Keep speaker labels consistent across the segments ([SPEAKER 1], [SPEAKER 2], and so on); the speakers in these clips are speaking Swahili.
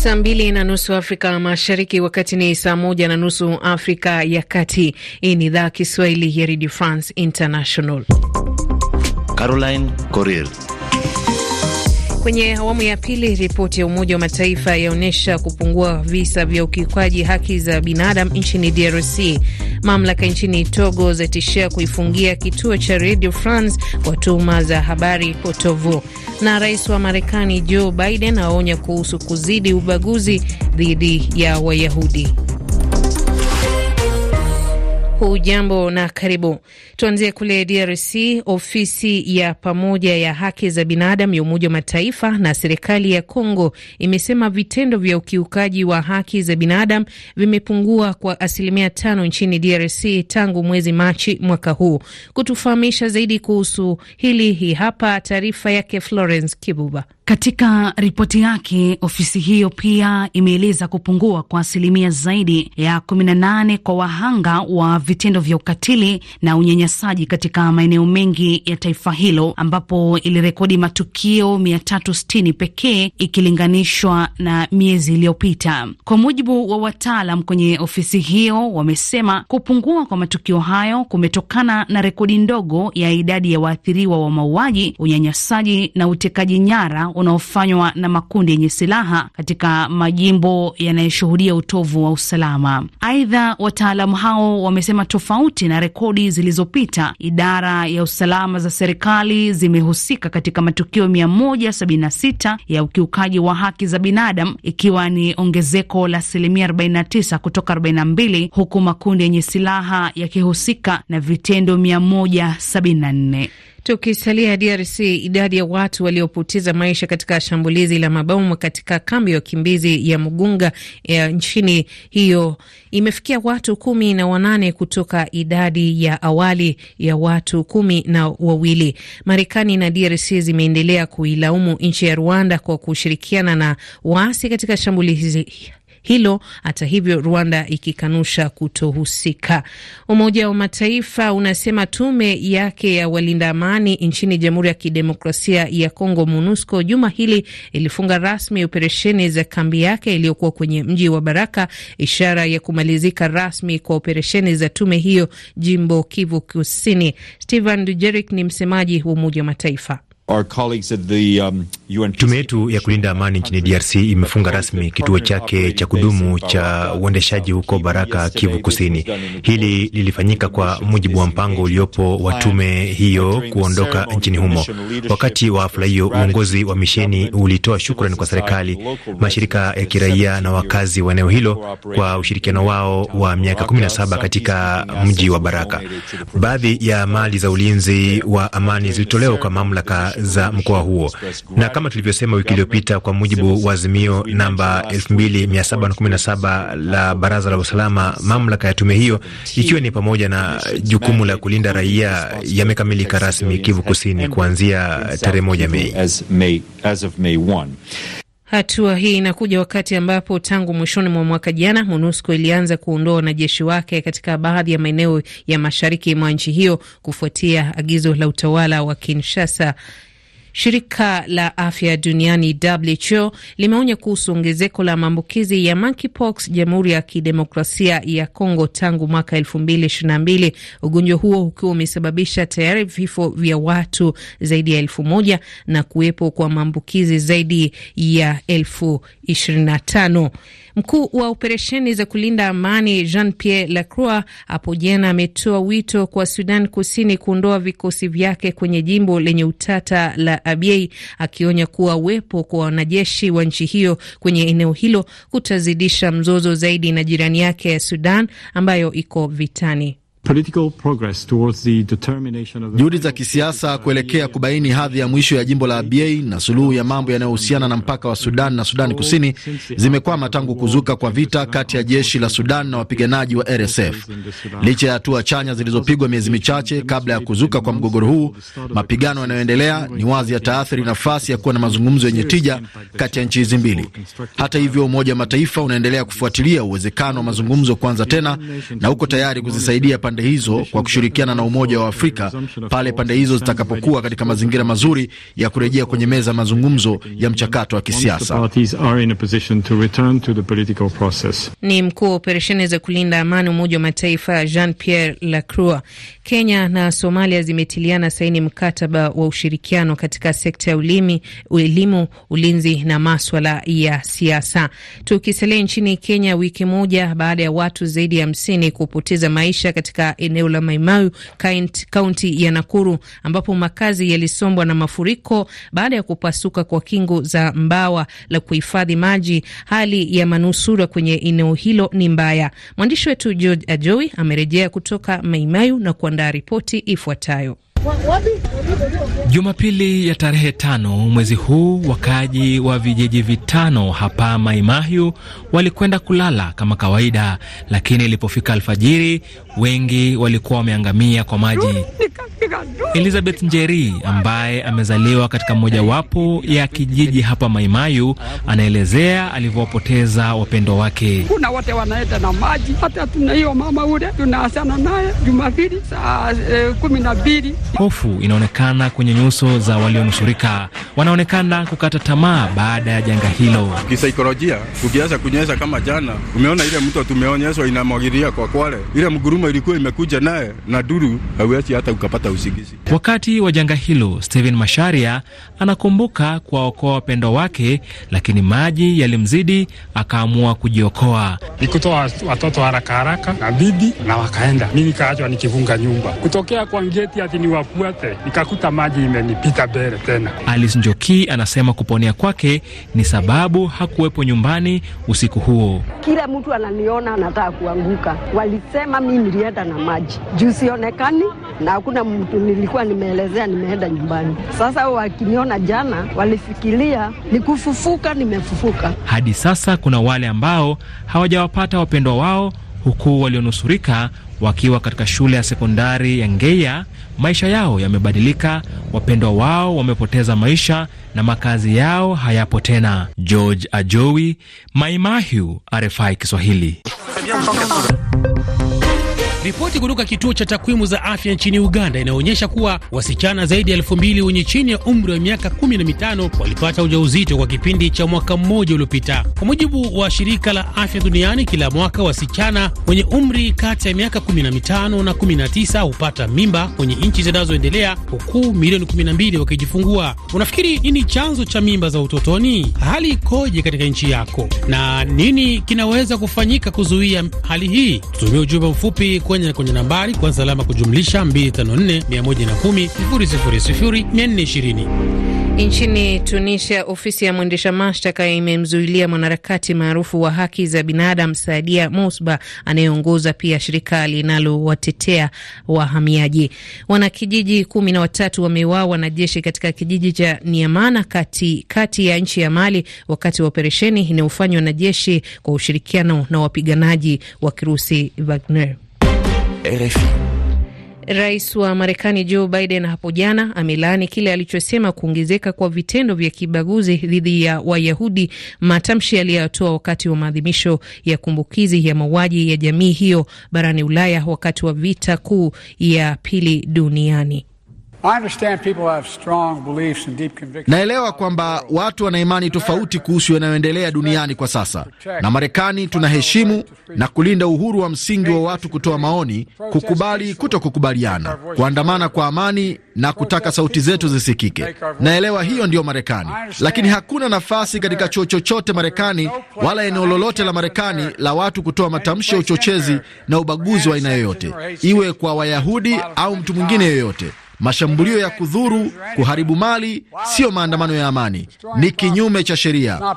[SPEAKER 1] Saa mbili na nusu Afrika Mashariki, wakati ni saa moja na nusu Afrika ya Kati. Hii ni idhaa Kiswahili ya redio France International.
[SPEAKER 2] Caroline Coril
[SPEAKER 1] Kwenye awamu ya pili, ripoti ya Umoja wa Mataifa yaonyesha kupungua visa vya ukiukwaji haki za binadamu nchini DRC. Mamlaka nchini Togo zatishia kuifungia kituo cha Radio France kwa tuhuma za habari potovu, na rais wa Marekani Joe Biden aonya kuhusu kuzidi ubaguzi dhidi ya Wayahudi. Hujambo na karibu. Tuanzie kule DRC. Ofisi ya pamoja ya haki za binadamu ya Umoja wa Mataifa na serikali ya congo imesema vitendo vya ukiukaji wa haki za binadamu vimepungua kwa asilimia tano nchini DRC tangu mwezi Machi mwaka huu. Kutufahamisha zaidi kuhusu hili, hii hapa taarifa yake Florence Kibuba.
[SPEAKER 3] Katika ripoti yake, ofisi hiyo pia imeeleza kupungua kwa asilimia zaidi ya 18 kwa wahanga wa vitendo vya ukatili na unyanyasaji katika maeneo mengi ya taifa hilo ambapo ilirekodi matukio 360 pekee ikilinganishwa na miezi iliyopita. Kwa mujibu wa wataalam kwenye ofisi hiyo, wamesema kupungua kwa matukio hayo kumetokana na rekodi ndogo ya idadi ya waathiriwa wa mauaji, unyanyasaji na utekaji nyara unaofanywa na makundi yenye silaha katika majimbo yanayoshuhudia utovu wa usalama. Aidha, wataalamu hao wamesema tofauti na rekodi zilizopita, idara ya usalama za serikali zimehusika katika matukio 176 ya ukiukaji wa haki za binadamu, ikiwa ni ongezeko la asilimia 49 kutoka 42, huku makundi yenye silaha yakihusika na vitendo
[SPEAKER 1] 174. Tukisalia DRC, idadi ya watu waliopoteza maisha katika shambulizi la mabomu katika kambi ya wakimbizi ya Mugunga ya eh, nchini hiyo imefikia watu kumi na wanane kutoka idadi ya awali ya watu kumi na wawili. Marekani na DRC zimeendelea kuilaumu nchi ya Rwanda kwa kushirikiana na waasi katika shambulizi hilo, hata hivyo Rwanda ikikanusha kutohusika. Umoja wa Mataifa unasema tume yake ya walinda amani nchini Jamhuri ya Kidemokrasia ya Kongo, MONUSCO, juma hili ilifunga rasmi operesheni za kambi yake iliyokuwa kwenye mji wa Baraka, ishara ya kumalizika rasmi kwa operesheni za tume hiyo jimbo Kivu Kusini. Stephane Dujarric ni msemaji wa Umoja wa Mataifa.
[SPEAKER 2] Um,
[SPEAKER 4] tume yetu ya kulinda amani nchini DRC imefunga rasmi kituo chake cha kudumu cha uendeshaji huko Baraka, Kivu Kusini. Hili lilifanyika kwa mujibu wa mpango uliopo wa tume hiyo kuondoka nchini humo. Wakati wa hafla hiyo, uongozi wa misheni ulitoa shukrani kwa serikali, mashirika ya kiraia na wakazi wa eneo hilo kwa ushirikiano wao wa miaka 17 katika mji wa Baraka. Baadhi ya mali za ulinzi wa amani zilitolewa kwa mamlaka za mkoa huo, na kama tulivyosema wiki iliyopita, kwa mujibu wa azimio namba 2717 la Baraza la Usalama, mamlaka ya tume hiyo ikiwa ni pamoja na jukumu la kulinda raia yamekamilika rasmi Kivu Kusini kuanzia tarehe moja Mei.
[SPEAKER 1] Hatua hii inakuja wakati ambapo tangu mwishoni mwa mwaka jana MONUSCO ilianza kuondoa wanajeshi wake katika baadhi ya maeneo ya mashariki mwa nchi hiyo kufuatia agizo la utawala wa Kinshasa. Shirika la afya duniani WHO limeonya kuhusu ongezeko la maambukizi ya monkeypox Jamhuri ya Kidemokrasia ya Kongo tangu mwaka 2022, ugonjwa huo ukiwa umesababisha tayari vifo vya watu zaidi ya elfu moja na kuwepo kwa maambukizi zaidi ya elfu 25. Mkuu wa operesheni za kulinda amani Jean Pierre Lacroix hapo jana ametoa wito kwa Sudan Kusini kuondoa vikosi vyake kwenye jimbo lenye utata la Abyei, akionya kuwa uwepo kwa wanajeshi wa nchi hiyo kwenye eneo hilo kutazidisha mzozo zaidi na jirani yake ya Sudan ambayo iko vitani.
[SPEAKER 2] Juhudi za kisiasa kuelekea e. kubaini hadhi ya mwisho ya jimbo la Abyei na suluhu ya mambo yanayohusiana na mpaka wa Sudan na Sudani oh, Kusini zimekwama tangu kuzuka kwa vita kati ya jeshi la Sudan na wapiganaji wa RSF. Licha ya hatua chanya zilizopigwa miezi michache kabla ya kuzuka kwa mgogoro huu, mapigano yanayoendelea ni wazi yataathiri nafasi ya kuwa na mazungumzo yenye tija kati ya nchi hizi mbili. Hata hivyo, Umoja wa Mataifa unaendelea kufuatilia uwezekano wa mazungumzo kuanza tena na uko tayari kuzisaidia pande pande hizo kwa kushirikiana na Umoja wa Afrika pale pande hizo zitakapokuwa katika mazingira mazuri ya kurejea kwenye meza ya mazungumzo ya mchakato wa kisiasa.
[SPEAKER 1] Ni mkuu wa operesheni za kulinda amani Umoja wa Mataifa Jean Pierre Lacroix. Kenya na Somalia zimetiliana saini mkataba wa ushirikiano katika sekta ya ulimi, elimu, ulinzi na maswala ya siasa. Tukisalia nchini Kenya, wiki moja baada ya watu zaidi ya hamsini kupoteza maisha katika eneo la Maimayu, kaunti ya Nakuru, ambapo makazi yalisombwa na mafuriko baada ya kupasuka kwa kingo za mbawa la kuhifadhi maji. Hali ya manusura kwenye eneo hilo ni mbaya. Mwandishi wetu George Ajoi amerejea kutoka Maimayu na kuandaa ripoti ifuatayo.
[SPEAKER 4] Jumapili ya tarehe tano mwezi huu, wakaaji wa vijiji vitano hapa Maimahiu walikwenda kulala kama kawaida, lakini ilipofika alfajiri wengi walikuwa wameangamia kwa maji. Elizabeth Njeri ambaye amezaliwa katika mojawapo ya kijiji hapa Maimayu anaelezea alivyowapoteza wapendwa wake.
[SPEAKER 3] Kuna wote wanaenda na maji, hata tuna hiyo mama ule tunaasana naye Jumapili saa e, kumi
[SPEAKER 4] na mbili. Hofu inaonekana kwenye nyuso za walionusurika, wanaonekana kukata tamaa baada ya janga hilo.
[SPEAKER 2] Kisaikolojia, ukianza kunyesha kama jana, umeona ile mto tumeonyeshwa inamwagilia kwa Kwale ile mguru dhuluma ilikuwa imekuja naye na duru hauachi hata ukapata usingizi.
[SPEAKER 4] Wakati wa janga hilo, Steven Masharia anakumbuka kuwaokoa wapendwa wake, lakini maji yalimzidi, akaamua kujiokoa. Nikutoa watoto haraka haraka na bibi na wakaenda, mi nikaachwa nikifunga nyumba kutokea kwa ngeti ati niwafuate, nikakuta maji imenipita mbele tena. Alice Njoki anasema kuponea kwake ni sababu hakuwepo nyumbani usiku huo.
[SPEAKER 3] Kila mtu ananiona anataka kuanguka, walisema mimi nilienda na maji juu sionekani na hakuna mtu nilikuwa nimeelezea, nimeenda nyumbani. Sasa wakiniona jana, walifikiria ni kufufuka, nimefufuka.
[SPEAKER 4] Hadi sasa kuna wale ambao hawajawapata wapendwa wao, huku walionusurika wakiwa katika shule ya sekondari ya Ngeya, maisha yao yamebadilika, wapendwa wao wamepoteza maisha na makazi yao hayapo tena. George Ajowi, Maimahu, RFI Kiswahili. Ripoti kutoka kituo cha takwimu za afya nchini Uganda inaonyesha kuwa wasichana zaidi ya elfu mbili wenye chini ya umri wa miaka kumi na mitano walipata ujauzito kwa kipindi cha mwaka mmoja uliopita, kwa mujibu wa shirika la afya duniani. Kila mwaka wasichana wenye umri kati ya miaka 15 na 19 hupata mimba kwenye nchi zinazoendelea, huku milioni 12 wakijifungua. Unafikiri nini chanzo cha mimba za utotoni? Hali ikoje katika nchi yako na nini kinaweza kufanyika kuzuia hali hii? Tutumie ujumbe mfupi kwenye kwenye nambari kwanza alama kujumlisha 254 110 000 420.
[SPEAKER 1] Nchini Tunisia, ofisi ya mwendesha mashtaka imemzuilia mwanaharakati maarufu wa haki za binadamu Saadia mosba anayeongoza pia shirika linalowatetea wahamiaji. Wanakijiji kumi na watatu wameuawa na jeshi katika kijiji cha Niamana kati, kati ya nchi ya Mali wakati wa operesheni inayofanywa na jeshi kwa ushirikiano na wapiganaji wa Kirusi Wagner. RFI. Rais wa Marekani Joe Biden hapo jana amelaani kile alichosema kuongezeka kwa vitendo vya kibaguzi dhidi ya Wayahudi, matamshi aliyoyatoa wakati wa maadhimisho ya kumbukizi ya mauaji ya jamii hiyo barani Ulaya wakati wa vita kuu ya pili
[SPEAKER 2] duniani. Naelewa kwamba watu wana imani tofauti kuhusu yanayoendelea duniani kwa sasa, na Marekani tunaheshimu na kulinda uhuru wa msingi wa watu kutoa maoni, kukubali kutokukubaliana, kuandamana kwa amani na kutaka sauti zetu zisikike. Naelewa hiyo ndiyo Marekani, lakini hakuna nafasi katika chuo chochote Marekani wala eneo lolote la Marekani la watu kutoa matamshi ya uchochezi na ubaguzi wa aina yoyote, iwe kwa Wayahudi au mtu mwingine yoyote. Mashambulio ya kudhuru, kuharibu mali siyo maandamano ya amani, ni kinyume cha sheria.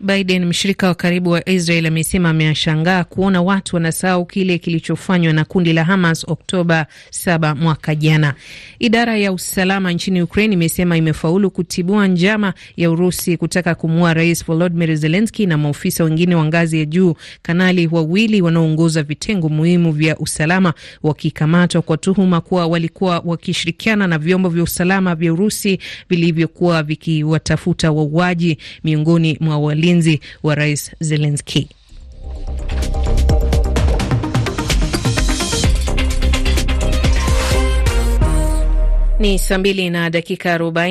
[SPEAKER 1] Biden, mshirika wa karibu wa Israel, amesema ameshangaa kuona watu wanasahau kile kilichofanywa na kundi la Hamas Oktoba 7 mwaka jana. Idara ya usalama nchini Ukraine imesema imefaulu kutibua njama ya Urusi kutaka kumua Rais Volodimir zelenski na maofisa wengine wa ngazi ya juu, kanali wawili wanaoongoza vitengo muhimu vya usalama, wakikamatwa kwa tuhuma kuwa walikuwa wakishirikiana na vyombo vya usalama vya Urusi vilivyokuwa vikiwatafuta wauaji miongoni mwa wali ulinzi wa Rais Zelenski. Ni saa mbili na dakika arobaini.